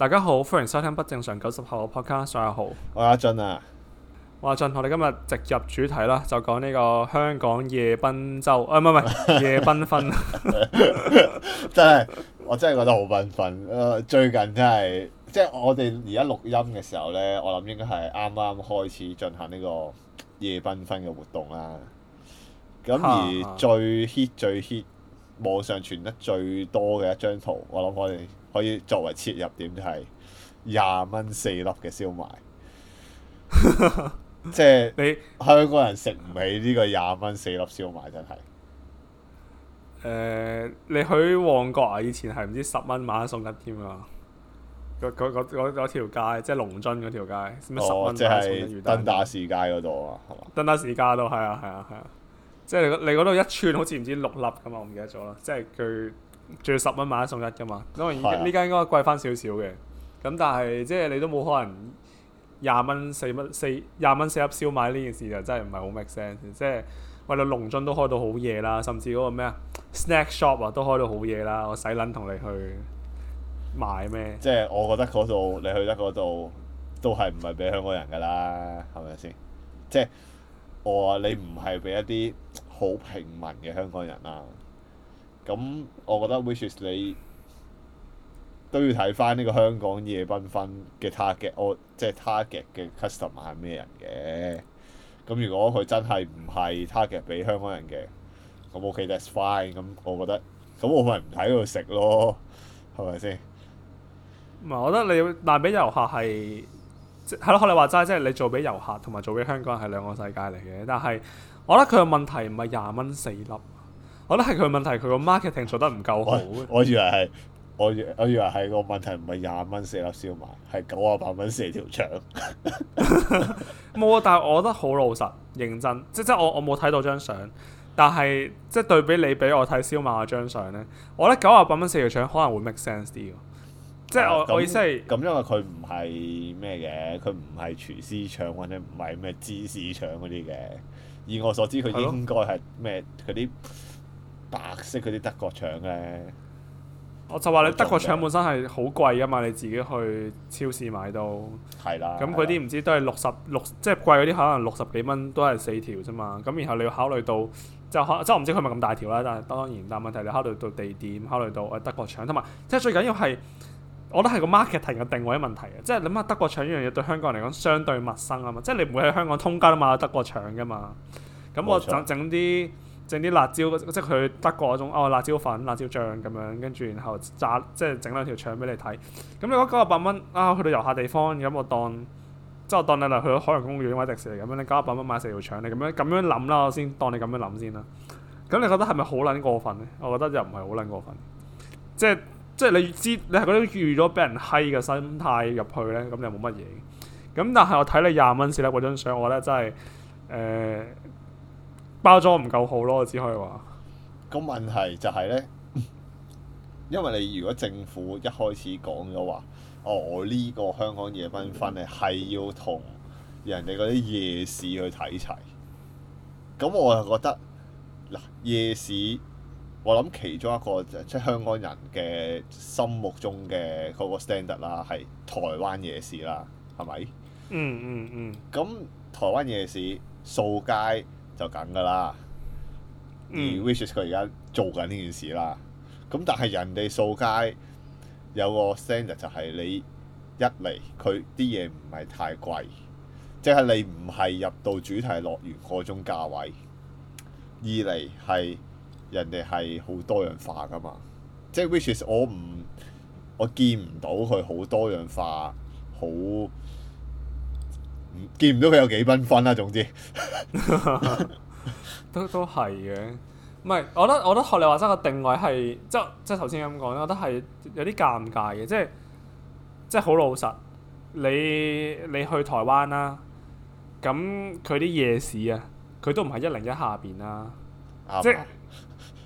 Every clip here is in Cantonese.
大家好，歡迎收聽不正常九十後嘅 podcast。我係豪，我係阿俊啊。阿俊，我哋今日直入主題啦，就講呢個香港夜奔晝，誒唔係唔係夜繽紛。 真係，我真係覺得好繽紛。誒、呃，最近真係，即係我哋而家錄音嘅時候呢，我諗應該係啱啱開始進行呢個夜繽紛嘅活動啦。咁而最 hit 最 hit，網上傳得最多嘅一張圖，我諗我哋。可以作為切入點，就係廿蚊四粒嘅燒賣， 即係是 你香港人食唔起呢個廿蚊四粒燒賣，真係。誒、呃，你去旺角啊？以前係唔知十蚊買一送一添啊！嗰嗰嗰嗰嗰條街，即係龍津嗰條街，咩十蚊買一送一魚蛋。哦，即係登打士街嗰度啊，係嘛？登打士街都係啊，係啊，係啊，係啊，係啊！即係你你嗰度一串好似唔知六粒咁啊，我唔記得咗啦。即係佢。仲要十蚊買一送一㗎嘛？因為呢間應該貴翻少少嘅，咁是的 但係即係你都冇可能廿蚊四蚊四廿蚊四粒燒賣呢件事就真係唔係好 make sense 即。即係餵你龍津都開到好嘢啦，甚至嗰個咩啊 snack shop 啊都開到好嘢啦。我使撚同你去買咩？即係我覺得嗰度你去得嗰度都係唔係俾香港人㗎啦？係咪先？即係我話你唔係俾一啲好平民嘅香港人喇！咁我覺得 which is 你都要睇翻呢個香港夜繽紛嘅 target，哦，即係 target 嘅 customer 係咩人嘅？咁如果佢真係唔係 target 俾香港人嘅，咁 OK，that's fine。咁我覺得，咁我咪唔喺度食咯，係咪先？唔係，我覺得你賣俾遊客係即係咯，學你話齋，即係你做俾遊客同埋做俾香港人係兩個世界嚟嘅。但係我覺得佢嘅問題唔係廿蚊四粒。我覺得係佢問題，佢個 marketing 做得唔夠好。我我以為係，我我以為係個問題唔係廿蚊四粒燒賣，係九啊八蚊四條腸。冇 啊！ 但係我覺得好老實認真，即即，即我我冇睇到張相，但係即對比你俾我睇燒賣嗰張相咧，我覺得九啊八蚊四條腸可能會 make sense 啲。即我、啊、我意思係咁，因為佢唔係咩嘅，佢唔係廚師腸，或者唔係咩芝士腸嗰啲嘅。以我所知，佢應該係咩嗰啲。白色嗰啲德國腸嘅、啊，我就話你德國腸本身係好貴噶嘛，你自己去超市買到。係啦的。咁嗰啲唔知都係六十六，即係貴嗰啲可能六十幾蚊都係四條啫嘛。咁然後你要考慮到，就可即係我唔知佢咪咁大條啦。但係當然，但問題你考慮到地點，考慮到誒德國腸同埋，即係最緊要係，我覺得係個 marketing 嘅定位問題啊。即係諗下德國腸呢樣嘢對香港人嚟講相對陌生啊嘛。即係你唔會喺香港通街都買，德國腸噶嘛。咁我整整啲。整啲辣椒，即係佢德國嗰種、哦、辣椒粉、辣椒醬咁樣，跟住然後炸，即係整兩條腸俾你睇。咁、嗯、你講九廿八蚊啊，去到遊客地方，咁、嗯、我當即係我當你嚟去到海洋公園或者迪士尼咁樣，你九廿八蚊買四條腸，你咁樣咁樣諗啦，我先當你咁樣諗先啦。咁、嗯、你覺得係咪好撚過分咧？我覺得又唔係好撚過分。即係即係你知，你係嗰種預咗俾人嗨嘅心態入去咧，咁、嗯、你冇乜嘢。咁、嗯、但係我睇你廿蚊攝啦嗰張相，我覺得真係誒。呃包裝唔夠好咯，我只可以話。個問題就係咧，因為你如果政府一開始講咗話，哦呢、這個香港夜繽紛嚟係要同人哋嗰啲夜市去睇齊，咁我就覺得嗱，夜市，我諗其中一個即係、就是、香港人嘅心目中嘅嗰個 standard 啦，係台灣夜市啦，係咪、嗯？嗯嗯嗯。咁台灣夜市掃街。就咁噶啦， 嗯、而 Wishes 佢而家做緊呢件事啦。咁但係人哋掃街有個 standard 就係你一嚟佢啲嘢唔係太貴，即、就、係、是、你唔係入到主題樂園嗰種價位。二嚟係人哋係好多元化噶嘛，即係 Wishes 我唔我見唔到佢好多元化好。見唔到佢有幾繽紛啦、啊，總之 都都係嘅。唔係，我覺得，我覺得學你話齋個定位係，即即頭先咁講，我覺得係有啲尷尬嘅，即係即係好老實。你你去台灣啦、啊，咁佢啲夜市啊，佢都唔係一零一下邊啦、啊吧，即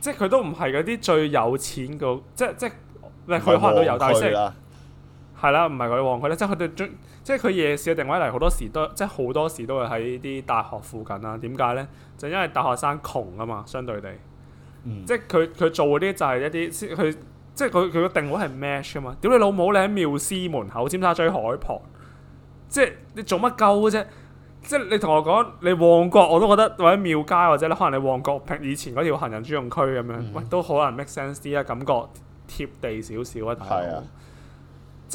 即佢都唔係嗰啲最有錢個，即即唔係佢可能都有，但係即係啦，唔係佢旺佢咧，即係佢哋最即係佢夜市嘅定位嚟，好多時都即係好多時都會喺啲大學附近啦、啊。點解咧？就因為大學生窮啊嘛，相對地，嗯、即係佢佢做嗰啲就係一啲，佢即係佢佢嘅定位係 match 噶嘛。屌你老母，你喺妙思門口、尖沙咀海旁，即係你做乜鳩啫？即係你同我講你旺角，我都覺得或者廟街或者咧，可能你旺角平以前嗰條行人專用區咁樣，嗯、喂都可能 make sense 啲啊，感覺貼地少少啊，係啊。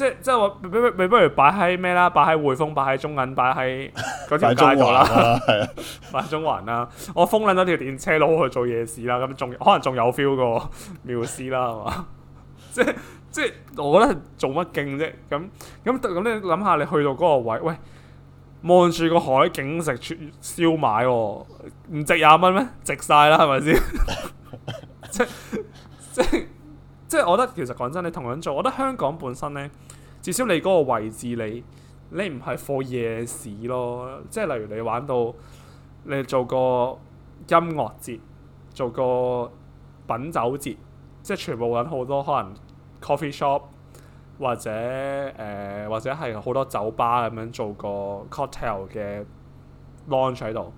即即我比不如擺喺咩啦，擺喺匯豐，擺喺中銀，擺喺嗰條街度啦，係 啊，擺喺 中環啦、啊。 我封撚咗條電車路去做夜市啦，咁仲可能仲有 feel 過妙思啦，係嘛？ 即即我覺得做乜勁啫？咁咁咁，你諗下，你去到嗰個位，喂，望住個海景食燒賣，唔值廿蚊咩？值晒啦，係咪先？即即即，我覺得其實講真，你同樣做，我覺得香港本身咧。至少你嗰個位置你，你你唔係貨夜市咯，即係例如你玩到你做個音樂節，做個品酒節，即係全部揾好多可能 coffee shop 或者誒、呃、或者係好多酒吧咁樣做個 cocktail 嘅 launch 喺度，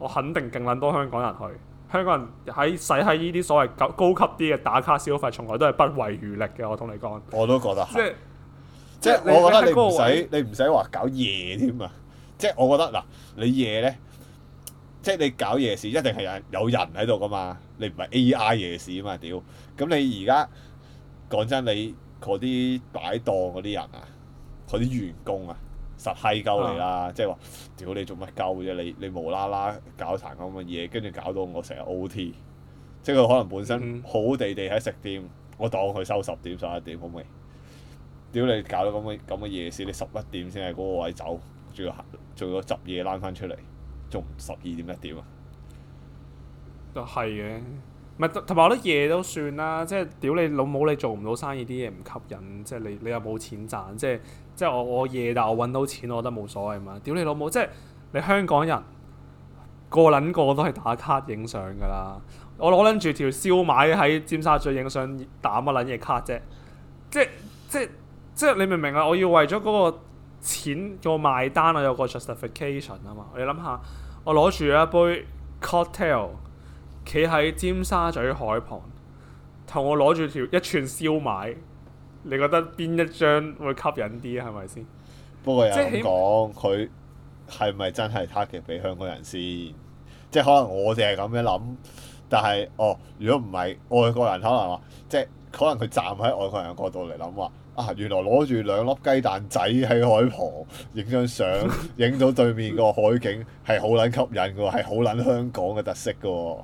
我肯定勁撚多香港人去。香港人喺使喺呢啲所謂高高級啲嘅打卡消費，從來都係不遺餘力嘅。我同你講，我都覺得係。即係我覺得你唔使你唔使話搞夜添啊！即係我覺得嗱，你夜咧，即係你搞夜市一定係有人喺度噶嘛，你唔係 A.I. 夜市啊嘛，屌！咁你而家講真，你嗰啲擺檔嗰啲人啊，嗰啲員工啊，實閪鳩你啦！啊、即係話，屌你做乜鳩啫？你你，你無啦啦搞殘咁嘅嘢，跟住搞到我成日 O.T.，即係佢可能本身好地地喺食店，嗯、我當佢收十點十一點，好未？屌你搞到咁嘅咁嘅夜市，你十一點先喺嗰個位走，仲要行，仲要執嘢攬翻出嚟，仲十二點一點啊！都係嘅，唔係同埋我覺得夜都算啦，即係屌你老母，你做唔到生意啲嘢唔吸引，即係你你又冇錢賺，即係即係我我夜但我揾到錢，我覺得冇所謂嘛。屌你老母，即係你香港人個撚個都係打卡影相㗎啦，我攞撚住條燒賣喺尖沙咀影相打乜撚嘢卡啫，即係即係。即係你明唔明啊？我要為咗嗰個錢個買單啊，有個 justification 啊嘛。你諗下，我攞住一杯 cocktail，企喺尖沙咀海旁，同我攞住條一串燒賣，你覺得邊一張會吸引啲啊？係咪先？不過又講佢係咪真係 target 俾香港人先？即係可能我哋係咁樣諗，但係哦，如果唔係外國人，可能話即係可能佢站喺外國人嘅角度嚟諗話，啊！原來攞住兩粒雞蛋仔喺海旁影張相，影到對面個海景係好撚吸引嘅，係好撚香港嘅特色嘅。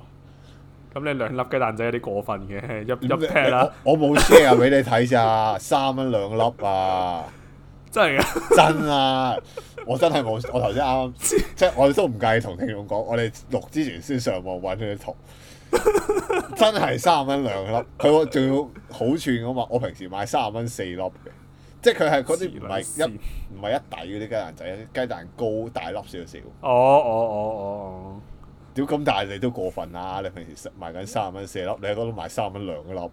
咁你兩粒雞蛋仔有啲過分嘅，入入 pair 啦。我冇 share 俾你睇咋，三蚊兩粒啊！啊真係㗎，真，啊， 真啊！我真係冇，我頭先啱啱，即係 我哋都唔介意同聽眾講，我哋錄之前先上網揾佢圖。 真係三十蚊兩粒，佢仲要好串噶嘛？我平時買三十蚊四粒嘅，即係佢係嗰啲唔係一唔係一底嗰啲雞蛋仔、雞蛋糕大粒少少。哦哦哦哦，屌咁大你都過分啦，啊！你平時賣緊三十蚊四粒，你喺嗰度賣三十蚊兩粒，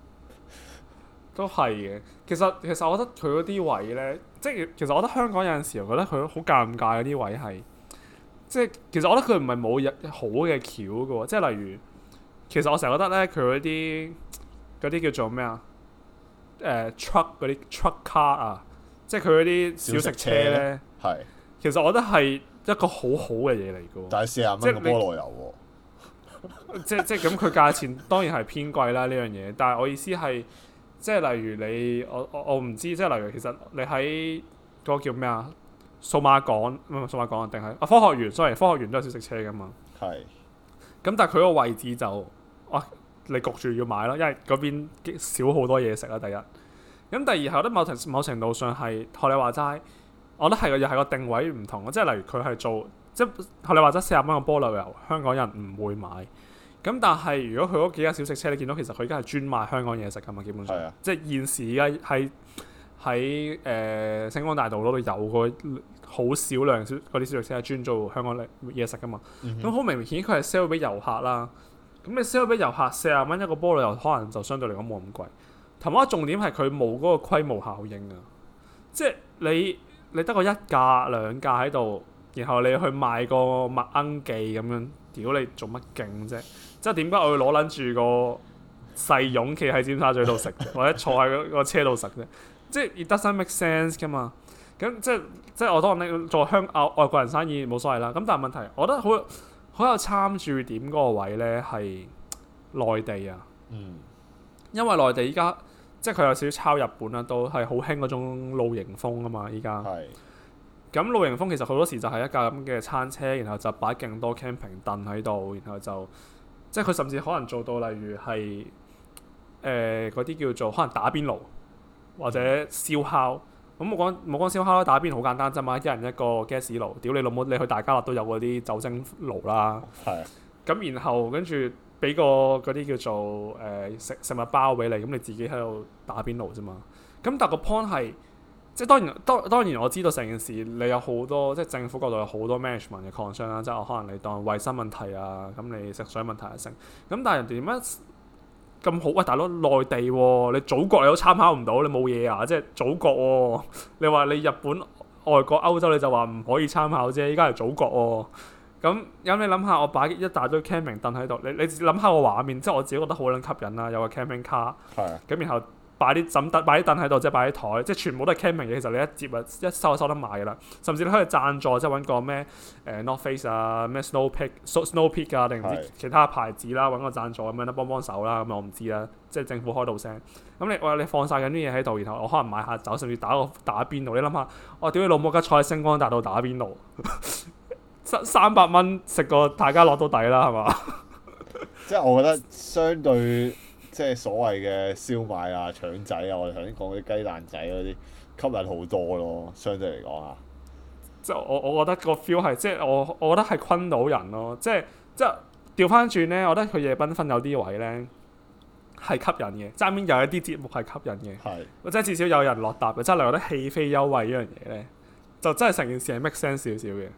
都係嘅。其實其實我覺得佢嗰啲位咧，即係其實我覺得香港有陣時我覺得佢好尷尬啊！啲位係，即係其實我覺得佢唔係冇好嘅橋噶，即係例如。其實我成日覺得咧，佢嗰啲嗰啲叫做咩啊？誒、uh，truck 嗰啲 truck car 啊，即係佢嗰啲小食車咧。係，其實我覺得係一個好好嘅嘢嚟嘅。但係四啊蚊個菠蘿油，即係即係咁，佢、嗯、價錢當然係偏貴啦。呢樣嘢，但係我意思係，即係例如你，我我我唔知，即係例如，其實你喺嗰個叫咩啊？數碼港唔係數碼港啊，定係啊？科學園，sorry，科學園都有小食車噶嘛？係是。咁但係佢個位置就。哇、啊！你焗住要買咯，因為嗰邊少好多嘢食啦。第一，咁第二，係我覺得某，某程度上係學你話齋，我覺得係又係個定位唔同，即係例如佢係做，即係學你話齋四十蚊個菠蘿油，香港人唔會買。咁但係如果佢嗰幾間小食車，你見到其實佢而家係專賣香港嘢食噶嘛，基本上。是啊、即係現時而家喺喺誒星光大道嗰度有個好少量小嗰啲小食車係專做香港嘢食噶嘛。咁好、嗯、哼 明顯，佢係 sell 俾遊客啦。咁你 sell 俾遊客四十蚊一個菠蘿油，可能就相對嚟講冇咁貴。同埋重點係佢冇嗰個規模效應啊，即係你你得個一架、兩架喺度，然後你去賣個麥奀記咁樣，屌你做乜勁啫？即係點解我要攞撚住個細勇企喺尖沙咀度食，或者坐喺嗰個車度食啫？即係 it doesn't make sense 噶嘛。咁即係即係我當你做香港外國人生意冇所謂啦。咁但係問題，我覺得好。好有參注點嗰個位呢，係內地啊，嗯、因為內地依家即係佢有少少抄日本啦，都係好興嗰種露營風啊嘛，依家。係。咁露營風其實好多時就係一架咁嘅餐車，然後就擺勁多 camping 凳喺度，然後就即係佢甚至可能做到例如係誒嗰啲叫做可能打邊爐或者燒烤。嗯咁我講冇講燒烤咯，打邊爐好簡單啫嘛，一人一個 gas 爐，屌你老母，你去大家樂都有嗰啲酒精爐啦。係。咁然後跟住俾個嗰啲叫做誒、呃、食食物包俾你，咁你自己喺度打邊爐啫嘛。咁但係個 point 係，即係當然，當當然我知道成件事，你有好多即係政府角度有好多 management 嘅擴商啦，即我可能你當衞生問題啊，咁你食水問題啊成。咁但係人哋點樣？咁好喂，大佬，內地喎、哦，你祖國你都參考唔到，你冇嘢啊！即係祖國喎、哦，你話你日本、外國、歐洲你就話唔可以參考啫，依家係祖國喎、哦。咁有冇你諗下，我擺一大堆 camping 凳喺度，你你諗下個畫面，即係我自己覺得好撚吸引啦，有個 camping car，咁的然後。擺啲枕凳，擺啲凳喺度，即係擺啲台，即係全部都係 camping 嘅。其實你一接，啊，一收啊，收得埋噶啦。甚至你可以贊助，即係揾個咩誒 North Face 啊，咩 Snow Peak Snow Peak 啊，定唔知其他牌子啦，揾個贊助咁樣啦，幫幫手啦、啊。咁、嗯、我唔知啦，即係政府開到聲。咁、嗯、你我你放晒緊啲嘢喺度，然後我可能買下酒，甚至打個打邊爐。你諗下，我屌你老母，而家坐喺星光大道打邊爐，三百蚊食個大家樂都抵啦，係嘛？即係我覺得相對。即係所謂嘅燒賣啊、腸仔啊，我頭先講啲雞蛋仔嗰啲，吸引好多咯。相對嚟講啊，即係我我覺得個 feel 係，即係我我覺得係昆到人咯。即係即係調翻轉咧，我覺得佢夜繽紛有啲位咧係吸引嘅，側邊有一啲節目係吸引嘅，或者是至少有人落搭嘅。即係例如啲戲飛優惠依樣嘢咧，就真係成件事係 make sense 少少嘅。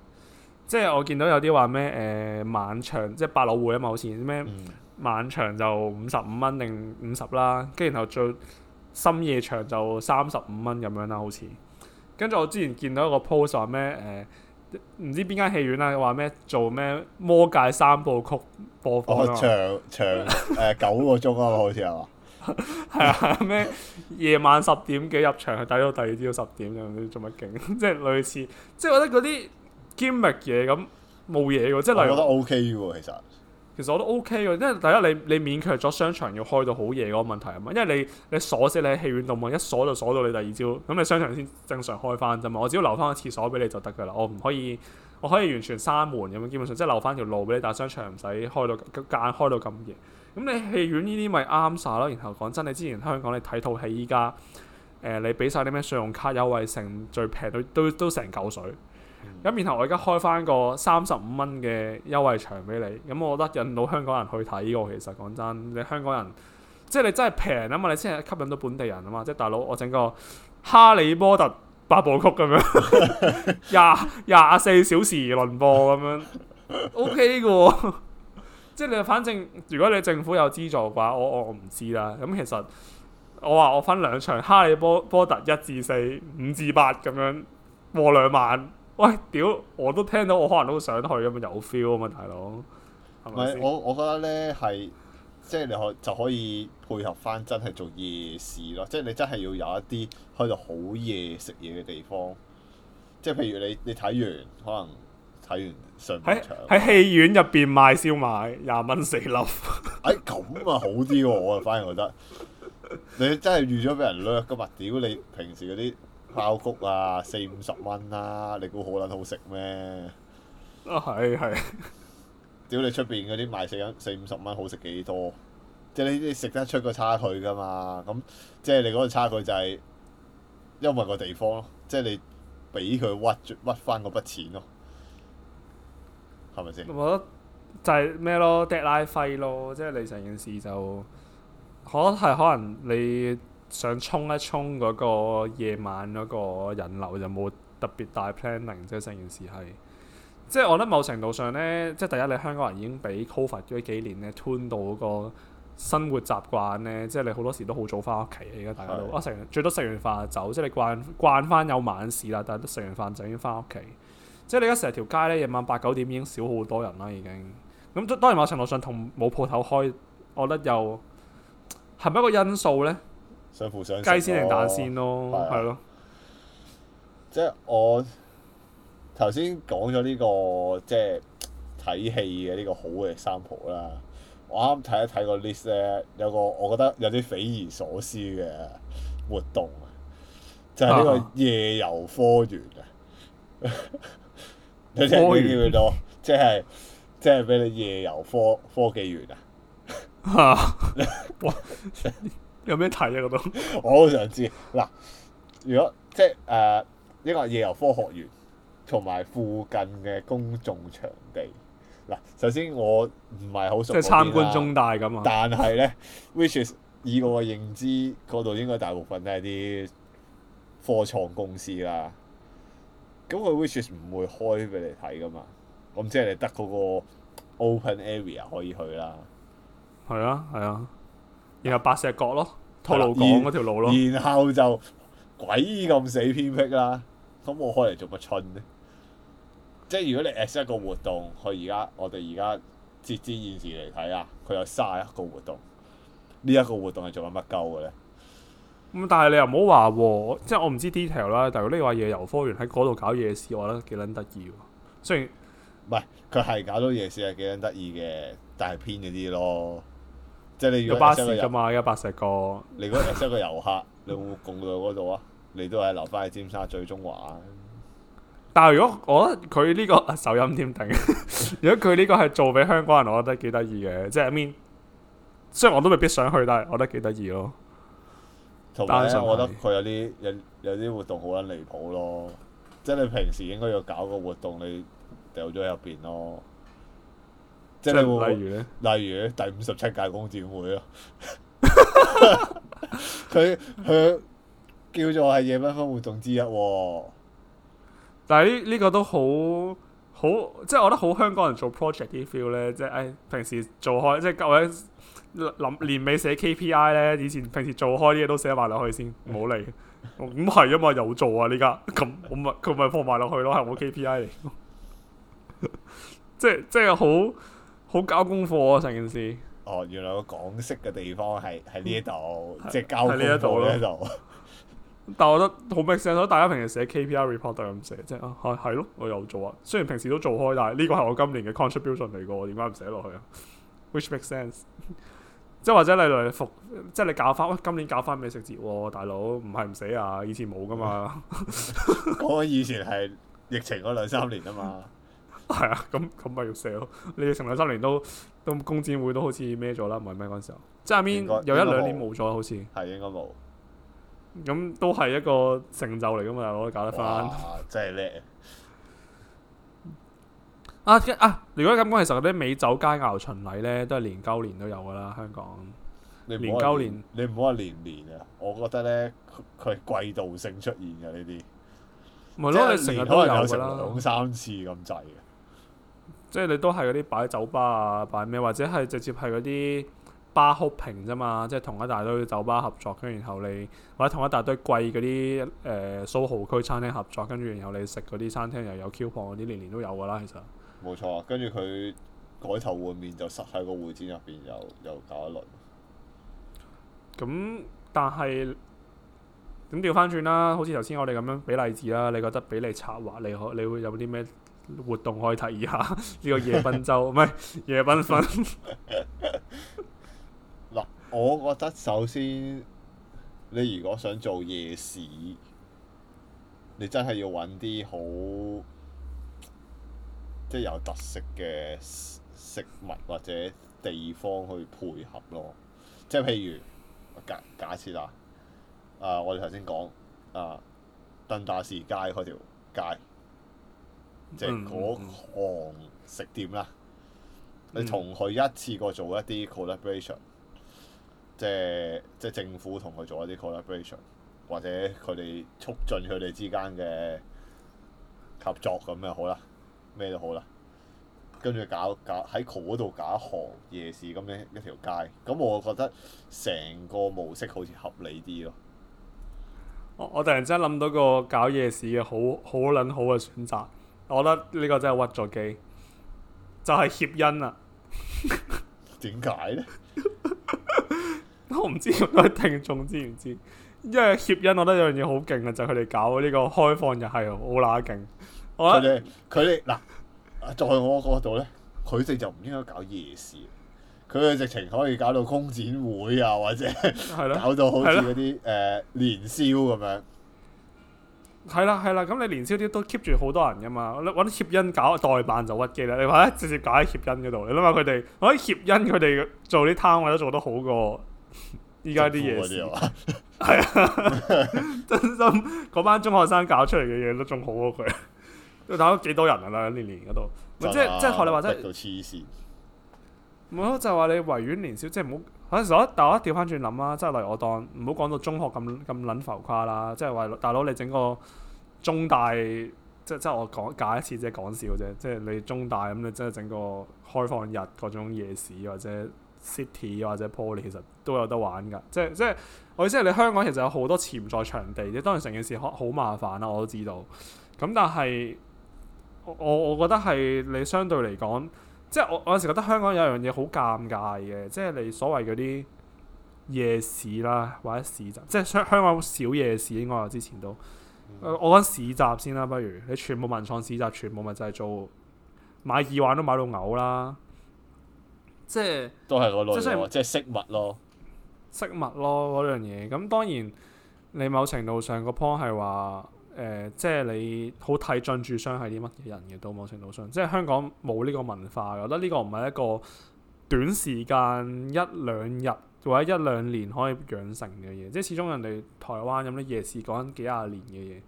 即係我見到有啲話咩誒晚場即係百老匯啊嘛，好似咩？晚場就五十五蚊定五十啦，跟然後最深夜場就三十五蚊咁樣啦，好似。跟住我之前見到一個 post 話咩誒，唔、呃、知邊間戲院啦、啊，話咩做咩魔界三部曲播放啊？長長誒九個鐘啊，好似係嘛？係啊， 咩夜晚十點幾入場，去睇到第二朝十點，咁做乜勁？ 即係類似，即係我覺得嗰啲 gimmick 嘢咁冇嘢噶，即係例如覺得 OK 噶，其實。其實我都 OK 喎，因為第一你你勉強咗商場要開到好夜嗰個問題啊嘛，因為你你鎖死你喺戲院度，一鎖就鎖到你第二朝，咁你商場先正常開翻啫嘛。我只要留翻個廁所俾你就得噶啦，我唔可以，我可以完全閂門咁樣，基本上即係留翻條路俾你，但係商場唔使開到夾硬開到咁夜。咁你戲院呢啲咪啱晒咯？然後講真，你之前香港你睇套戲，依家誒你俾晒啲咩信用卡優惠，成最平都都都成嚿水。咁、嗯嗯、然後我而家開翻個三十五蚊嘅優惠場俾你，咁我覺得引到香港人去睇喎、這個。其實講真，你香港人即係你真係平啊嘛，你先係吸引到本地人啊嘛。即係大佬，我整個《哈利波特》八部曲咁樣，廿廿 四小時輪播咁樣 ，OK 嘅、哦。即係你反正如果你政府有資助嘅話，我我我唔知啦。咁、嗯、其實我話我分兩場《哈利波波特》一至四、五至八咁樣播兩晚。喂，屌！我都聽到，我可能都想去啊嘛，有 feel 啊嘛，大佬。唔係，我我覺得咧係，即係你可就可以配合翻真係做夜市咯。即係你真係要有一啲去到好夜食嘢嘅地方。即係譬如你你睇完可能睇完上場，喺戲院入邊賣燒賣，廿蚊四粒。哎、 欸，咁啊好啲喎！我就反而覺得，你真係預咗俾人掠噶嘛？屌你，平時嗰啲。爆谷啊，四五十蚊啦，你估好撚、啊、好食咩？啊係係，屌你出邊嗰啲賣四蚊四五十蚊好食幾多？即係你你食得出個差距㗎嘛？咁即係你嗰個差距就係因為個地方咯，即係你俾佢屈住屈翻嗰筆錢咯，係咪先？我覺得就係咩咯，掉拉費咯，即係你成件事就，可能係可能你。想衝一衝嗰個夜晚嗰個人流，就冇特別大 planning，即係成件事係即係我覺得某程度上呢，即係第一你香港人已經俾 COVID 咗幾年呢 turn 到嗰個生活習慣呢，即係你好多時都好早翻屋企，而家大家都我成日最多食完飯就走，即係你慣慣翻有晚市啦，但係都食完飯就已經翻屋企。即係你而家成條街呢，夜晚八九點已經少好多人啦，已經咁。當然某程度上同冇鋪頭開，我覺得又係咪一個因素呢？上乎上雞先定蛋先咯，係咯。啊，啊、即係我頭先講咗呢個即係睇戲嘅呢個好嘅 example 啦。我啱啱睇一睇個 list 咧，有個我覺得有啲匪夷所思嘅活動，就是，啊， 的元就係呢個夜遊科園啊。你哋點叫佢多？即係即係俾你夜遊科科技園啊！有咩睇啊？嗰度 我好想知嗱，如果即係誒呢個夜遊科學園同埋附近嘅公眾場地嗱，首先我唔係好熟，即係參觀中大咁啊。但係咧，Wishes 以我嘅認知嗰度應該大部分都係啲科創公司啦。咁佢 Wishes 唔會開俾你睇噶嘛？咁即係你得嗰個 open area 可以去啦。係啊，係啊，然後白石角咯。泰盧港嗰條路咯，然後就鬼咁死偏僻啦。咁我開嚟做乜春呢？即係如果你誒一個活動，佢而家我哋而家截至現時嚟睇啊，佢有卅一個活動。呢、這、一個活動係做緊乜鳩嘅咧？咁但係你又唔好話，即、就、係、是、我唔知 detail 啦。但如果呢話夜遊科員喺嗰度搞夜市，我覺得幾撚得意喎。雖然唔係佢係搞到夜市係幾撚得意嘅，但係偏咗啲咯。即係你如果，有巴士噶嘛？一百十個，你如果一,一個遊客，個你會共 到嗰度啊？你都係留翻喺尖沙咀中環，啊。但係如果我覺得、這個，得佢呢個手音添定， 如果佢呢個係做俾香港人，我覺得幾得意嘅。即係 I mean，雖然我都未必想去，但係我覺得幾得意咯。同埋咧，我覺得佢有啲有有啲活動好捻離譜咯。即係你平時應該要搞個活動，你掉咗喺入邊咯。即係例如咧，例如第五十七屆工展會啊，佢佢 叫做係夜繽紛活動之一、哦。但係呢呢個都好好，即係我覺得好香港人做 project 嘅 feel 咧，即係誒、哎、平時做開，即係舊年諗年尾寫 KPI 咧，以前平時做開啲嘢都寫埋落去先，唔好嚟咁係啊嘛， 因為有做啊，呢家咁，咁咪佢咪放埋落去咯，係冇 KPI 嚟，即係即係好。好交功課啊！成件事。哦，原來個港式嘅地方係喺呢度，嗯、即係交功課喺呢度。 但係我覺得好 make sense，大家平時寫 KPR report 都咁寫，即、就、係、是、啊係係咯，我有做啊。雖然平時都做開，但係呢個係我今年嘅 contribution 嚟噶，我點解唔寫落去啊？Which makes sense。 即係或者你嚟復，即係你搞翻今年搞翻美食節喎、哦，大佬唔係唔死啊？以前冇噶嘛，講以前係疫情嗰兩三年啊嘛。 係啊，咁咁咪要死囉，你哋成兩三年都都工展會都好似咩咗啦，唔係咩嗰陣時候，即係下邊有一兩年冇咗，好似係應該冇。咁都係一個成就嚟噶嘛，我都搞得翻。哇，真係叻！ 啊啊，如果咁講，其實嗰啲美酒佳肴巡禮咧，都係年交年都有噶啦，香港。連年交年，年，你唔好話年年啊！我覺得咧，佢係季度性出現嘅呢啲，即係年可能有成兩三次咁滯嘅。嗯即係你都係嗰啲擺酒吧啊，擺咩或者係直接係嗰啲 bar hopping 啫嘛，即係同一大堆酒吧合作，跟然後你或者同一大堆貴嗰啲誒蘇豪區餐廳合作，跟住然後你食嗰啲餐廳又有 coupon 嗰啲，年年都有噶啦，其實。冇錯，跟住佢改頭換面，就實喺個會展入邊又又搞一輪。咁，但係點調翻轉啦？好似頭先我哋咁樣俾例子啦，你覺得俾你策劃你，你可你會有啲咩？活動可以提議一下呢個夜賓州，唔係夜繽紛。嗱，我覺得首先你如果想做夜市，你真係要揾啲好即係有特色嘅食物或者地方去配合咯。即係譬如假假設啊，啊我哋頭先講啊，登打士街嗰條街。即係嗰行食店啦，嗯、你同佢一次過做一啲 collaboration，嗯、即係即係政府同佢做一啲 collaboration，或者佢哋促進佢哋之間嘅合作咁又好啦，咩都好啦，跟住搞搞喺嗰度搞一行夜市咁樣一條街，咁我覺得成個模式好似合理啲咯。我我突然之間諗到個搞夜市嘅好好撚好嘅選擇。我覺得呢個真係屈咗機，就係協恩啊！點解咧？我唔 知個聽眾知唔知，因為協恩、就是，我覺得有樣嘢好勁嘅就係佢哋搞呢個開放日又係好乸勁。我哋佢哋嗱，在我角度咧，佢哋就唔應該搞夜市，佢哋直情可以搞到工展會啊，或者搞到好似嗰啲誒年宵咁樣。係啦係啦，咁你年宵啲都 keep 住好多人噶嘛，揾啲協恩搞代辦就屈機啦。你話直接搞喺協恩嗰度，你諗下佢哋，我啲協恩佢哋做啲攤位都做得好過依家啲嘢，係啊， 真心嗰班中學生搞出嚟嘅嘢都仲好過佢，都打咗幾多人噶啦，年年嗰度，啊、即係即係學你話齋。冇咯，就話你維園年宵，即係唔好。啊，實質但係我調翻轉諗啦，即係例如我當唔好講到中學咁咁撚浮誇啦。即係話大佬你整個中大，即即我講假一次，即係講笑啫。即係你中大咁，你即係整個開放日嗰種夜市或者 city 或者 poly，其實都有得玩㗎。即即係我意思係你香港其實有好多潛在場地，當然成件事好好麻煩啦、啊，我都知道。咁但係我我覺得係你相對嚟講。即係我，我有時覺得香港有樣嘢好尷尬嘅，即係你所謂嗰啲夜市啦，或者市集，即係香香港好少夜市，應該話之前都，呃、我講市集先啦，不如你全部文創市集，全部咪就係做買耳環都買到嘔啦，即係都係嗰類喎，即係是飾物咯，飾物咯嗰樣嘢，咁當然你某程度上個 point 係話。誒、呃，即係你好睇進駐商係啲乜嘢人嘅？到某程度上，即係香港冇呢個文化，我覺得呢個唔係一個短時間一兩日或者一兩年可以養成嘅嘢。即係始終人哋台灣有咧夜市講緊幾廿年嘅嘢，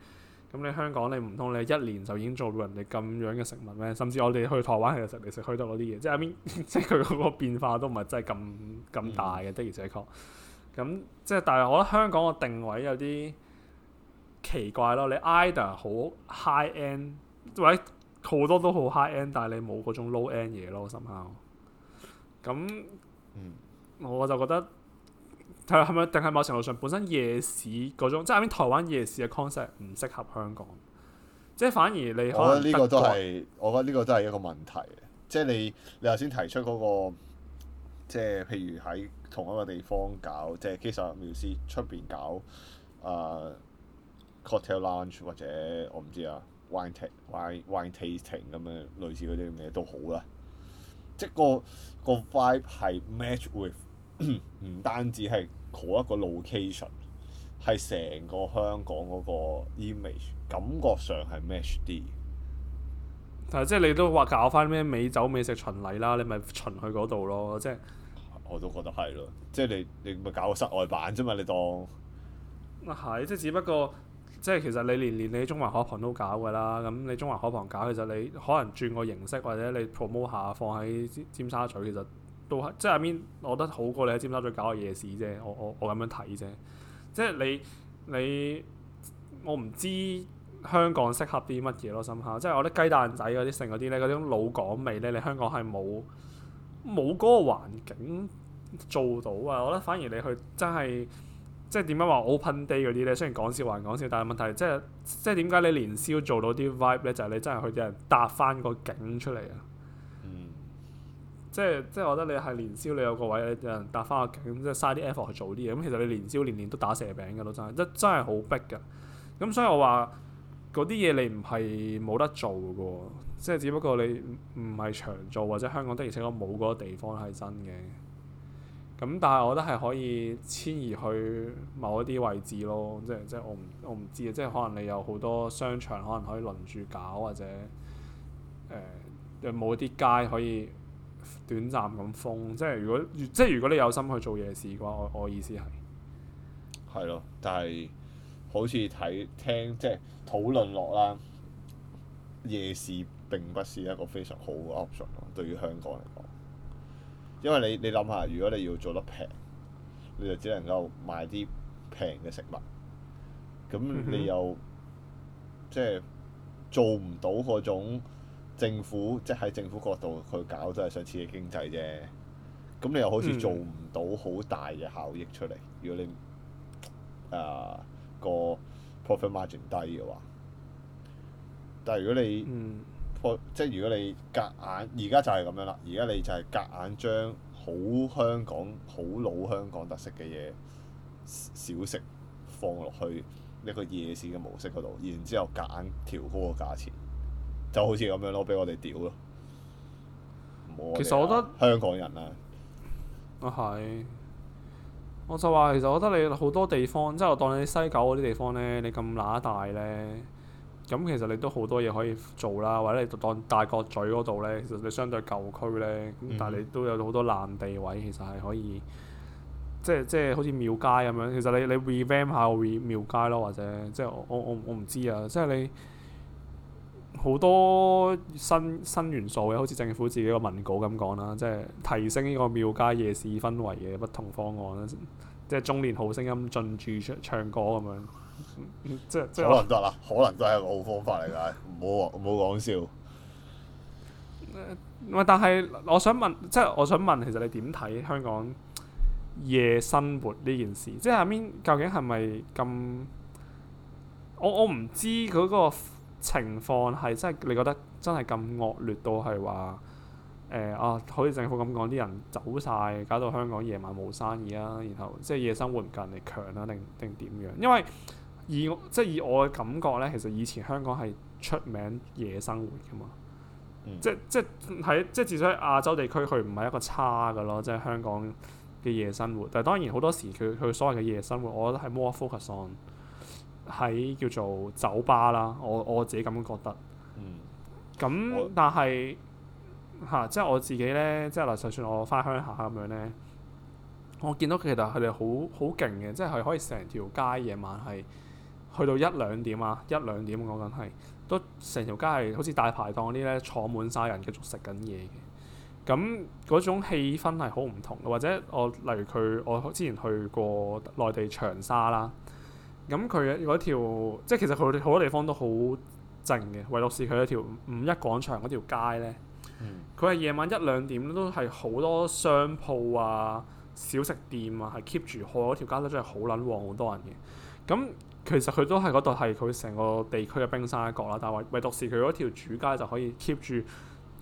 咁你香港你唔通你一年就已經做到人哋咁樣嘅食物咩？甚至我哋去台灣其實食嚟食去都嗰啲嘢，即係邊、嗯、 即係佢嗰個變化都唔係真係咁咁大嘅，的而且確。咁即係但係我覺得香港個定位有啲。奇怪咯，你 Ida 好 high end，或者好多都好 high end，但係你冇嗰種 low end 嘢咯，深刻。咁，嗯，我就覺得係係咪定係某程度上本身夜市嗰種，即係喺台灣夜市嘅 concept 唔適合香港，即係反而你可能我覺得個都。我覺得呢個都係，我覺得呢個都係一個問題。即係你你頭先提出嗰、嗰個，即係譬如喺同一個地方搞，即係其實苗師出邊搞啊？呃 Cocktail lunch 或者我唔知啊，wine t a wine, wine tasting 咁樣，類似嗰啲咩都好啦。即係個個 vibe 係 match with 唔單止係好一個 location，係成個香港嗰個 image 感覺上係 match 啲。但係即係你都話搞翻咩美酒美食巡禮啦，你咪巡去嗰度咯。即係我都覺得係咯，即係你你咪搞個室外版啫嘛，你當啊係即係只不過。即係其實你年年你喺中環海旁都搞嘅啦，咁你中環海旁搞其實你可能轉個形式或者你 promote 下放喺尖沙咀，其實都即係入邊我覺得好過你喺尖沙咀搞個夜市啫，我我我咁樣睇啫。即係你你我唔知香港適合啲乜嘢咯，深刻。即係我覺得雞蛋仔嗰啲剩嗰啲咧，嗰種老港味咧，你香港係冇冇嗰個環境做到啊！我覺得反而你去真係。即係點樣話 Open Day 嗰啲咧？雖然講笑還講笑，但係問題即係即係點解你年宵做到啲 vibe 咧？就係、是、你真係去啲人搭翻個景出嚟啊、嗯！即係即係我覺得你係年宵你有個位，你有人搭翻個景，即係嘥啲 effort 去做啲嘢。咁其實你年宵年年都打蛇餅㗎都真，真真係好逼㗎。咁所以我話嗰啲嘢你唔係冇得做㗎，即係只不過你唔係長做或者香港的，而且確冇嗰個地方係真嘅。咁但係我覺得係可以遷移去某一啲位置咯，即係即係我唔我唔知啊，即係可能你有好多商場可能可以輪住搞或者誒、呃、有冇一啲街可以短暫咁封，即係如果即係如果你有心去做夜市嘅話，我我意思係係咯，但係好似睇聽即係討論落啦，夜市並不是一個非常好嘅 option 咯，對於香港嚟講。因為你你諗下，如果你要做得平，你就只能夠買啲平嘅食物。咁你又、嗯、哼即係做唔到嗰種政府，即係喺政府角度去搞，都係刺激經濟啫。咁你又好似做唔到好大嘅效益出嚟。嗯、哼如果你誒個、呃、profit margin 低嘅話，但係如果你、嗯即係如果你夾硬，而家就係咁樣啦。而家你就係夾硬將好香港、好老香港特色嘅嘢小食放落去一個夜市嘅模式嗰度，然之後夾硬調高個價錢，就好似咁樣咯，俾我哋屌咯。其實我覺得香港人啊，啊係，我就話其實我覺得你好多地方，即係我當你西九嗰啲地方呢，你咁乸大呢。咁其實你都好多嘢可以做啦，或者你當大角咀嗰度呢，其實你相對舊區呢，咁、嗯、但係你都有好多爛地位，其實係可以，即係即係好似廟街咁樣。其實你你 revamp 下個 Re，廟街咯，或者即係我我唔知啊，即係你好多新新元素嘅，好似政府自己個文稿咁講啦，即係提升呢個廟街夜市氛圍嘅不同方案啦，即係中年好聲音進駐唱歌咁樣。即可能得啦， 可能都係一個好方法嚟噶，唔好唔好講笑。唔、呃、但係我想問，即係我想問，其實你點睇香港夜生活呢件事？即係下面究竟係咪咁？我我唔知嗰個情況係真係你覺得真係咁惡劣到係話誒啊？好似政府咁講，啲人走晒，搞到香港夜晚冇生意啦，然後即係夜生活唔夠人哋強啦，定定點樣？因為以即係以我嘅感覺咧，其實以前香港係出名夜生活嘅嘛，嗯、即即喺即係至少喺亞洲地區，佢唔係一個差嘅咯，即係香港嘅夜生活。但係當然好多時佢佢所謂嘅夜生活，我覺得係 more focus on 喺叫做酒吧啦。嗯、我我自己咁樣覺得。嗯。咁樣，我，但係嚇、啊，即係我自己咧，即係話就算我翻鄉下咁樣咧，我見到其實佢哋好好勁嘅，即係係可以成條街夜晚係。去到一兩點啊，一兩點啊，我講緊係，都成條街係好似大排檔嗰啲咧，坐滿晒人，繼續食緊嘢嘅。咁嗰種氣氛係好唔同嘅。或者我例如佢，我之前去過內地長沙啦。咁佢嗰條即係其實佢好多地方都好靜嘅。唯獨是佢嗰條五一廣場嗰條街咧，佢係夜晚一兩點都係好多商鋪啊、小食店啊，係 keep 住開嗰條街都真係好撚旺，好多人嘅。咁其實佢都係嗰度，係佢成個地區嘅冰山一角啦。但係唯獨是佢嗰條主街就可以 keep 住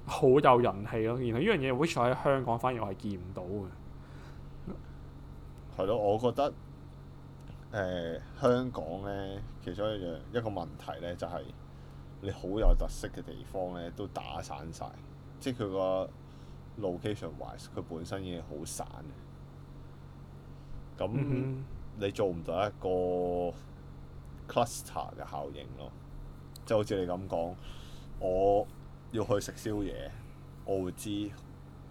好有人氣咯。然後呢樣嘢，which 喺香港反而我係見唔到嘅。係咯，我覺得誒、呃、香港咧，其中一樣一個問題咧，就係、是、你好有特色嘅地方咧，都打散晒，即係佢個 location wise，佢本身已經好散咁。你做唔到一個 cluster 嘅效應咯，即係好似你咁講，我要去食宵夜，我會知，即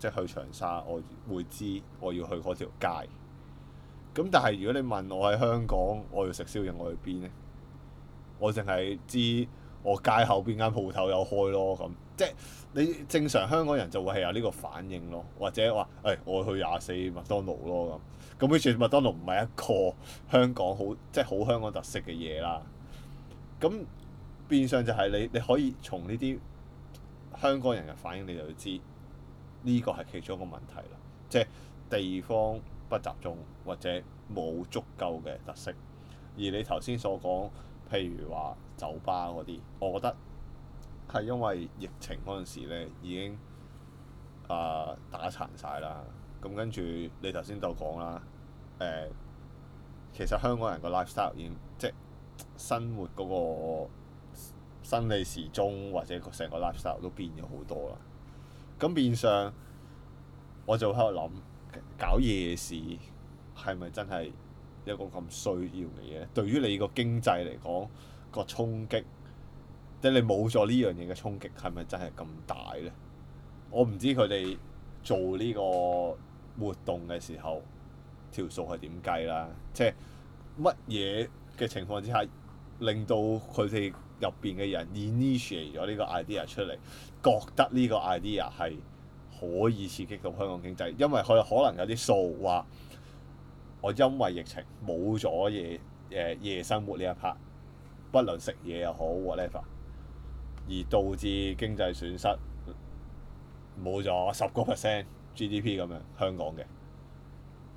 係去長沙，我會知我要去嗰條街。咁但係如果你問我喺香港，我要食宵夜，我去邊呢？我淨係知我街後街口邊間鋪頭有開咯，咁即係你正常香港人就會係有呢個反應咯，或者話誒、哎，我去廿四麥當勞咯咁。咁好似麥當勞唔係一個香港好即係好香港特色嘅嘢啦。咁變相就係你，你可以從呢啲香港人嘅反應，你就會知呢個係其中一個問題啦。即係地方不集中，或者冇足夠嘅特色。而你頭先所講，譬如話酒吧嗰啲，我覺得係因為疫情嗰陣時咧已經啊，呃，打殘晒啦。咁跟住，你頭先就講啦，誒、呃，其實香港人個 lifestyle 已經即係生活嗰、那個生理時鐘或者成個 lifestyle 都變咗好多啦。咁變相，我就喺度諗搞夜市係咪真係一個咁需要嘅嘢咧？對於你經濟、個經濟嚟講，個衝擊，即係你冇咗呢樣嘢嘅衝擊，係咪真係咁大咧？我唔知佢哋做呢、這個。活動嘅時候，條數係點計啦？即係乜嘢嘅情況之下，令到佢哋入邊嘅人 initiate 咗呢個 idea 出嚟，覺得呢個 idea 係可以刺激到香港經濟，因為佢可能有啲數話，我因為疫情冇咗夜誒、呃、夜生活呢一 part，不論食嘢又好 whatever，而導致經濟損失冇咗十個 percent。GDP 咁樣香港嘅，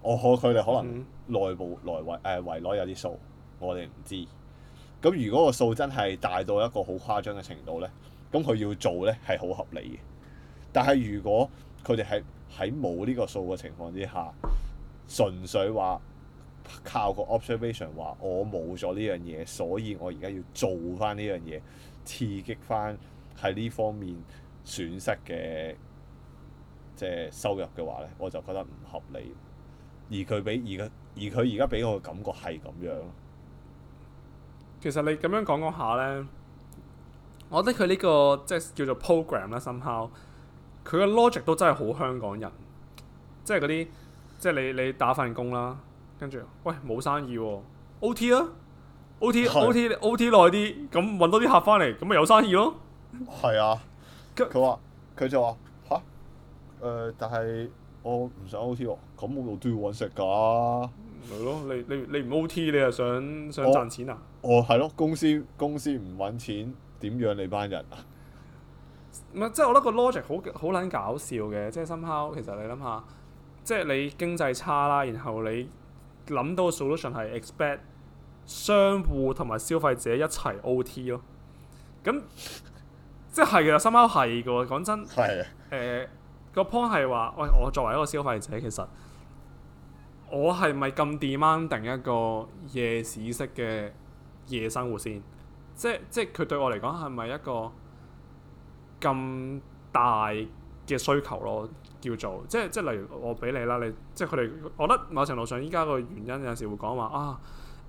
我可佢哋可能內部嚟維誒維攞有啲數，我哋唔知。咁如果個數真係大到一個好誇張嘅程度咧，咁佢要做咧係好合理嘅。但係如果佢哋係喺冇呢個數嘅情況之下，純粹話靠個 observation 話我冇咗呢樣嘢，所以我而家要做翻呢樣嘢，刺激翻喺呢方面損失嘅。即係收入嘅話咧，我就覺得唔合理。而佢俾而佢而佢而家俾我嘅感覺係咁樣。其實你咁樣講講下咧，我覺得佢呢個即係叫做 program 啦，somehow 佢嘅 logic 都真係好香港人。即係嗰啲，即係你你打份工啦，跟住喂冇生意喎，OT 啊 OT OT OT 耐啲，咁揾多啲客翻嚟，咁咪有生意咯。係啊，佢佢話佢就話。誒、呃，但係我唔想 O T 喎，咁我度都要揾食㗎。係咯，你你你唔 O T，你又想想賺錢啊、哦？哦，係咯，公司公司唔揾錢點養你班人啊？唔係，即係我覺得個 logic 好好撚搞笑嘅。即係 somehow，其實你諗下，即係你經濟差啦，然後你諗到 solution 係 expect 商戶同埋消費者一齊 O T 咯。咁即係其實，somehow 係嘅喎。講 真，係誒的。 呃個 point 係話：喂、欸，我作為一個消費者，其實我係咪咁 demand 定一個夜市式嘅夜生活先？即係即係佢對我嚟講係咪一個咁大嘅需求咯？叫做即係即係，例如我俾你啦，你即係佢哋，我覺得某程度上依家個原因有時會講話啊，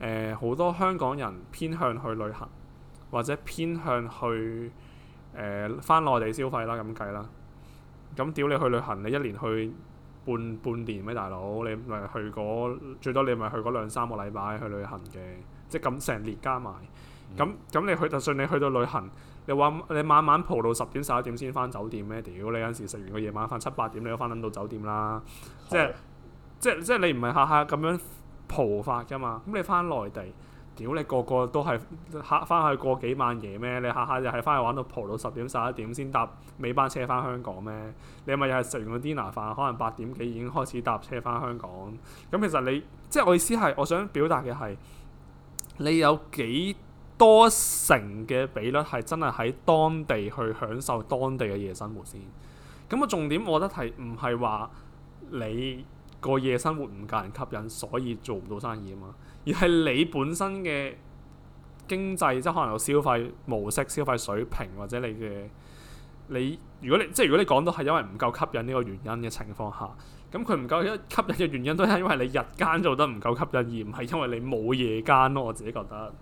誒、呃、好多香港人偏向去旅行，或者偏向去誒翻、呃、內地消費啦，咁計啦。咁屌你去旅行，你一年去半半年咩，大佬？你咪去嗰最多你咪去嗰兩三個禮拜去旅行嘅，即係咁成年加埋。咁咁、嗯、你去，就算你去到旅行，你話你晚晚蒲到十點十一點先翻酒店咩？屌你嗰陣時食完個夜晚飯七八點你都翻撚到酒店啦，即係即係即係你唔係下下咁樣蒲法噶嘛？咁你翻內地。屌你個個都係下翻去過幾晚夜咩？你下下又係翻去玩到蒲到十點十一點先搭尾班車翻香港咩？你係咪又係食完個 dinner 飯可能八點幾已經開始搭車翻香港？咁其實你即係我意思係，我想表達嘅係你有幾多成嘅比率係真係喺當地去享受當地嘅夜生活先。咁個重點，我覺得係唔係話你，個夜生活唔夠人吸引，所以做唔到生意啊嘛。而係你本身嘅經濟，即係可能有消費模式、消費水平或者你嘅你，如果你即係如果你講到係因為唔夠吸引呢個原因嘅情況下，咁佢唔夠一吸引嘅原因都係因為你日間做得唔夠吸引，而唔係因為你冇夜間咯。我自己覺得。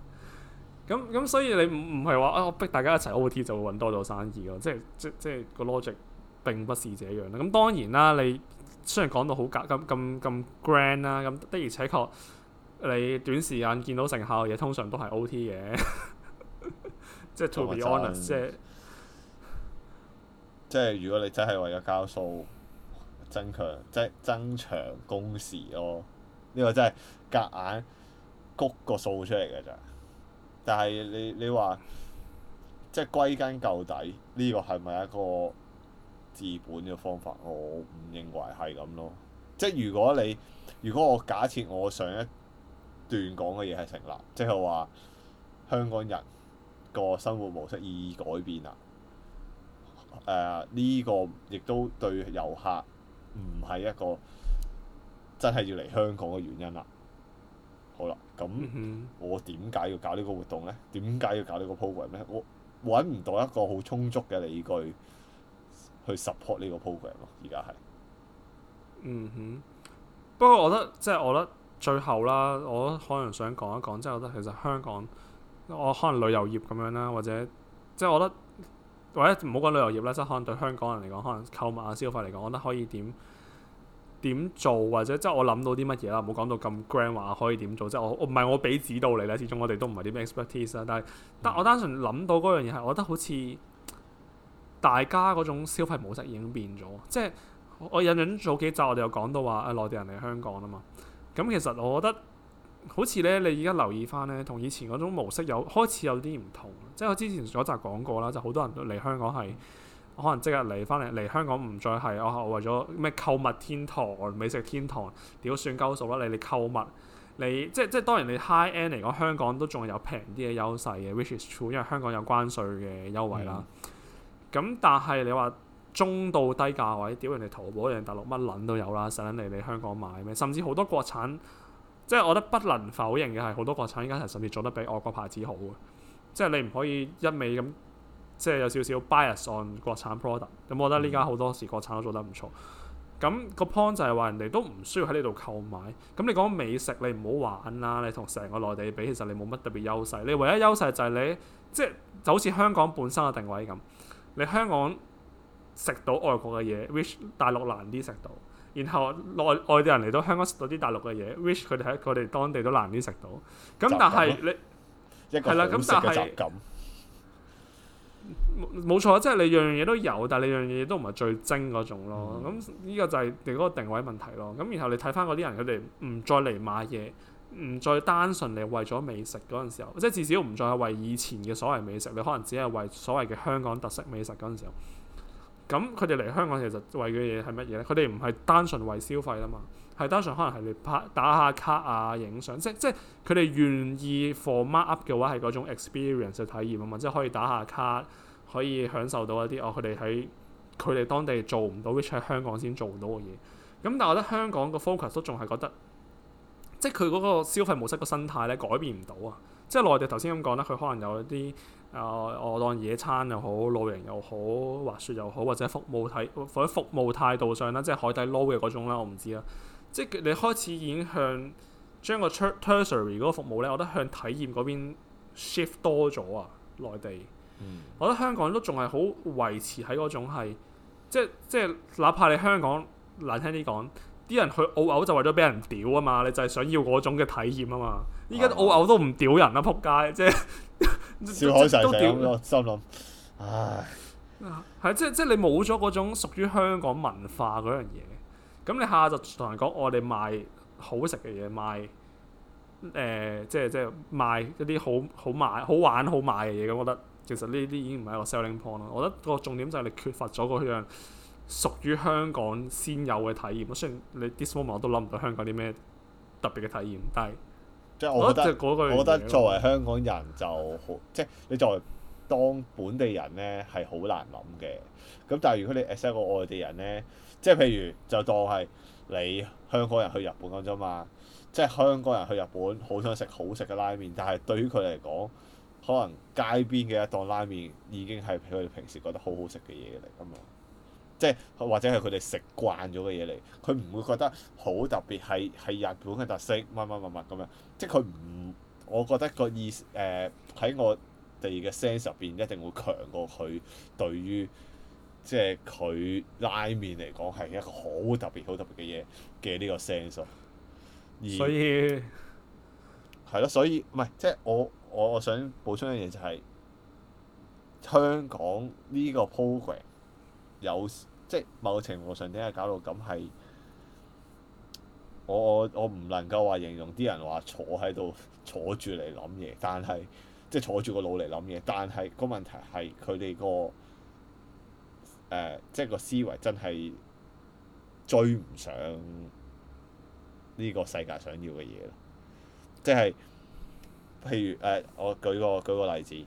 咁咁，所以你唔唔係話啊？我逼大家一齊 OT 就會揾多咗生意咯。即係即即係個 logic 並不是這樣啦。咁當然啦，你。雖然講到好夾咁咁咁 grand 啦，咁的而且確你短時間見到成效嘅嘢，通常都係 OT 嘅， 即係 to be honest，真即係如果你真係為咗交數增強，即係增長工時咯，呢、這個真係夾硬谷個數出嚟嘅咋。但係你你話即係歸根究底，呢、這個係咪一個？治本嘅方法，我唔認為係咁咯。即係如果你，如果我假設我上一段講嘅嘢係成立，即係話香港人個生活模式已改變啦。誒、呃，呢、呢個亦都對遊客唔係一個真係要嚟香港嘅原因啦。好啦，咁我點解要搞呢個活動呢？點解要搞呢個 program 呢？我揾唔到一個好充足嘅理據。去 support 呢個 program 咯，而家係，嗯哼。不過我覺得即係、就是、我覺得最後啦，我可能想講一講，即、就、係、是、我覺得其實香港，我可能旅遊業咁樣啦，或者即係、就是、我覺得或者唔好講旅遊業啦，即、就、係、是、可能對香港人嚟講，可能購物啊消費嚟講，我覺得可以點點做，或者即係我諗到啲乜嘢啦。唔好講到咁 grand 話可以點做，即、就、係、是、我唔係我俾指導你咧。始終我哋都唔係啲 expertise 啦，但係單、嗯、我單純諗到嗰樣嘢係，我覺得好似。大家嗰種消費模式已經變咗，即係我印象早幾集我哋又講到話、哎，內地人嚟香港啊嘛。咁其實我覺得好似咧，你而家留意翻咧，同以前嗰種模式有開始有啲唔同。即係我之前嗰集講過啦，就好多人都嚟香港係可能即日嚟翻嚟嚟香港，唔再係我係為咗咩購物天堂、美食天堂，屌算鳩數啦！你你購物，你即即係當然你 high end 嚟講，香港都仲係有平啲嘅優勢嘅，which is true，因為香港有關稅嘅優惠啦。嗯。咁但係你話中到低價位，屌人哋淘寶，人大陸乜撚都有啦，使撚嚟你香港買咩？甚至好多國產，即係我覺得不能否認嘅係好多國產依家係甚至做得比外國牌子好嘅。即係你唔可以一味咁即係有少少 bias on 國產 product。咁我覺得呢家好多時國產都做得唔錯。咁、嗯、個 point 就係、是、話人哋都唔需要喺呢度購買。咁你講美食你、啊，你唔好玩啦。你同成個內地比，其實你冇乜特別優勢。你唯一優勢就係你即係就好似香港本身嘅定位咁。你香港食到外國嘅嘢 which 大陸難啲食到。然後外外地人嚟到香港食到啲大陸嘅嘢 which 佢哋喺佢哋當地都難啲食到。咁但係近你係啦，咁但係冇冇錯即係、就是、你樣樣嘢都有，但係你樣樣嘢都唔係最精嗰種咯。咁呢、嗯、個就係你嗰個定位問題咯。咁然後你睇翻嗰啲人，佢哋唔再嚟買嘢。唔再單純你為咗美食嗰陣時候，即係至少唔再係為以前嘅所謂美食，你可能只係為所謂嘅香港特色美食嗰陣時候。咁佢哋嚟香港其實為嘅嘢係乜嘢咧？佢哋唔係單純為消費啊嘛，係單純可能係你拍打下卡啊、影相，即即係佢哋願意 form up 嘅話，係嗰種 experience 嘅體驗啊嘛，即係可以打下卡，可以享受到一啲哦，佢哋喺佢哋當地做唔到，which 喺香港先做到嘅嘢。咁、嗯、但係我覺得香港個 focus 都仲係覺得。即係佢嗰個消費模式個生態咧改變唔到啊！即係內地頭先咁講啦，佢可能有一啲誒、呃，我當野餐又好，露營又好，滑雪又好，或者服務體，或者服務態度上啦，即係海底撈嘅嗰種咧，我唔知啦、啊。即係你開始已經向將個 tertiary 嗰個服務咧，我覺得向體驗嗰邊 shift 多咗啊！內地，嗯、我覺得香港都仲係好維持喺嗰種係，即係即係，哪怕你香港難聽啲講。啲人去澳牛就為咗俾人屌啊嘛，你就係想要嗰種嘅體驗啊嘛。依家澳牛都唔屌人啦、啊，撲街即係, 也笑開曬嘴。我心諗，唉，係即係即係你冇咗嗰種屬於香港文化嗰樣嘢。咁你下下就同人講我哋賣好食嘅嘢，賣誒、呃、即係即係賣一啲好好賣好玩好賣嘅嘢。咁我覺得其實呢啲已經唔係一個 selling point 啦。我覺得個重點就係你缺乏咗嗰樣屬於香港先有嘅體驗，雖然你 discover 我都諗唔到香港啲咩特別嘅體驗，但係，我覺得作為香港人就好，即係你作為當本地人呢係好難諗嘅。咁但係如果你 as a 個外地人呢，即係譬如就當係你香港人去日本咁啫嘛，即係香港人去日本想吃好想食好食嘅拉麵，但係對於佢嚟講，可能街邊嘅一檔拉麵已經係佢哋平時覺得好好食嘅嘢嚟啊嘛。即係或者係佢哋食慣咗嘅嘢嚟，佢唔會覺得好特別係係日本嘅特色乜乜乜乜咁樣。即係佢唔，我覺得個意思喺、呃、我哋嘅 sense 入邊一定會強過佢，對於即係佢拉麵嚟講係一個好特別好特別嘅嘢嘅呢個 sense 以。所以係咯，所以唔係即係我我我想補充一樣嘢就係、是、香港呢個 program 有。即某程度上，點解搞到咁係我我我唔能夠話形容啲人話坐喺度坐住嚟諗嘢，但係即係坐住個腦嚟諗嘢，但係個問題係佢哋個誒，即係個思維真係追唔上呢個世界想要嘅嘢咯。即係譬如誒、呃，我舉個舉個例子。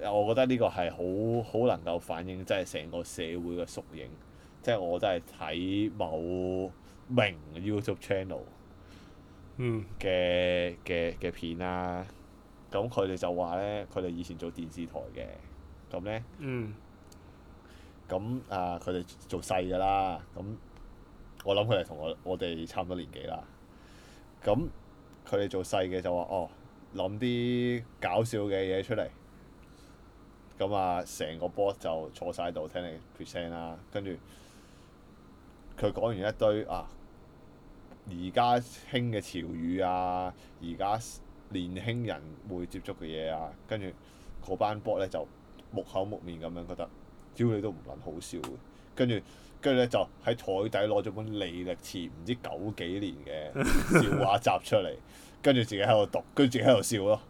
我覺得呢個係好好能夠反映，即係成個社會嘅縮影。即係我都係睇某名 YouTube channel 嘅嘅嘅片啦、啊。咁佢哋就話呢，佢哋以前做電視台嘅，咁呢，咁、嗯、啊，佢哋做細嘅啦。咁我諗佢哋同我我哋差唔多年紀啦。咁佢哋做細嘅就話哦，諗啲搞笑嘅嘢出嚟。咁啊，成個波就坐晒度聽你 present 啦，跟住佢講完一堆啊，而家興嘅潮語啊，而家年輕人會接觸嘅嘢啊，跟住嗰班波咧就木口木面咁樣覺得，只要你都唔撚好笑，跟住跟住咧就喺台底攞咗本歷歷《李力持》唔知九幾年嘅笑話集出嚟，跟住自己喺度讀，跟住自己喺度笑咯。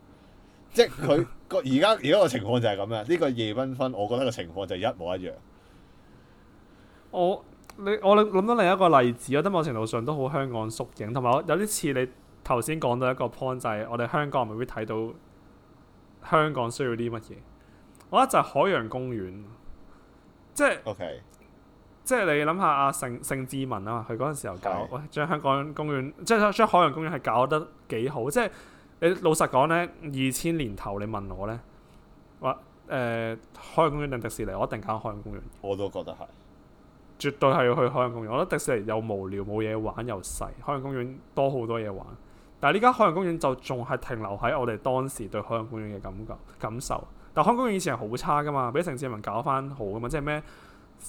即係佢個而家而家個情況就係咁樣，呢、呢個夜繽紛，我覺得個情況就係一模一樣我。我你我諗到另一個例子，我覺得某程度上都好香港縮影，同埋我有啲似你頭先講到一個 point 就係，我哋香港咪會睇到香港需要啲乜嘢？我覺得就係海洋公園，即係 OK，即係你諗下阿盛盛智文啊，佢嗰陣時候搞是將香港公園，即係將海洋公園係搞得幾好，即係。你老實講呢，二千年頭你問我呢，話、呃、誒海洋公園定迪士尼，我一定揀海洋公園。我都覺得係，絕對係要去海洋公園。我覺得迪士尼又無聊，冇嘢玩，又細。海洋公園多好多嘢玩。但係呢間海洋公園就仲係停留喺我哋當時對海洋公園嘅感覺感受。但海洋公園以前係好差㗎嘛，俾城市人民搞翻好㗎嘛，即係咩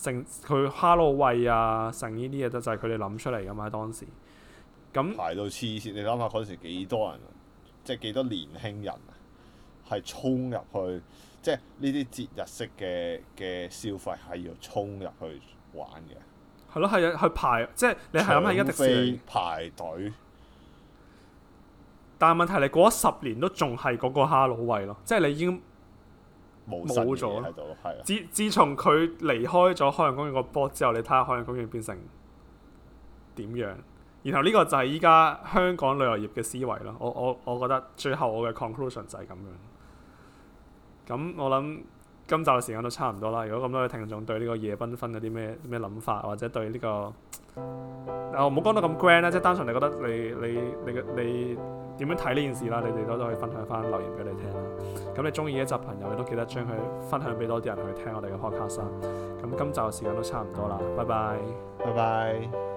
成佢 Halloween 啊，成呢啲嘢都就係佢哋諗出嚟㗎嘛喺當時。咁排到黐線，你諗下嗰陣時幾多人啊？即係幾多年輕人係衝入去，即係呢啲節日式嘅嘅消費係要衝入去玩嘅。係咯，係啊，去排即係你係諗下，而家迪士排隊。但係問題你過咗十年都仲係嗰個哈囉喂咯，即係你已經冇咗咯。係。自自從佢離開咗海洋公園個波之後，你睇下海洋公園變成點樣？然後呢個就係依家香港旅遊業嘅思維啦。我我我覺得最後我嘅 conclusion 就係咁樣。咁我諗今集嘅時間都差唔多啦。如果咁多位聽眾對呢個夜繽紛有啲咩咩諗法，或者對呢個，我唔好講到咁 grand 咧，即係單純你覺得你你你你點樣睇呢件事啦？你哋都都可以分享翻留言俾你哋聽啦。咁你中意一集朋友，你都記得將佢分享俾多啲人去聽我哋嘅 podcast 啊。咁今集嘅時間都差唔多啦，拜拜，拜拜。